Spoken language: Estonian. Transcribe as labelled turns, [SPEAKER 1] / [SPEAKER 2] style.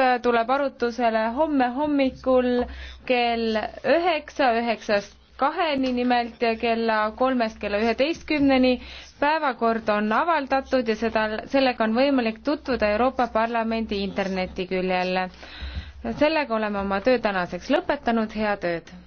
[SPEAKER 1] Äh, tuleb arutusele homme hommikul kell üheksa, üheksast kaheni nimelt ja kella kolmest kella üheteistkümneni. päevakord on avaldatud ja seda, sellega on võimalik tutvuda Euroopa Parlamendi internetiküljel. sellega oleme oma töö tänaseks lõpetanud, head ööd!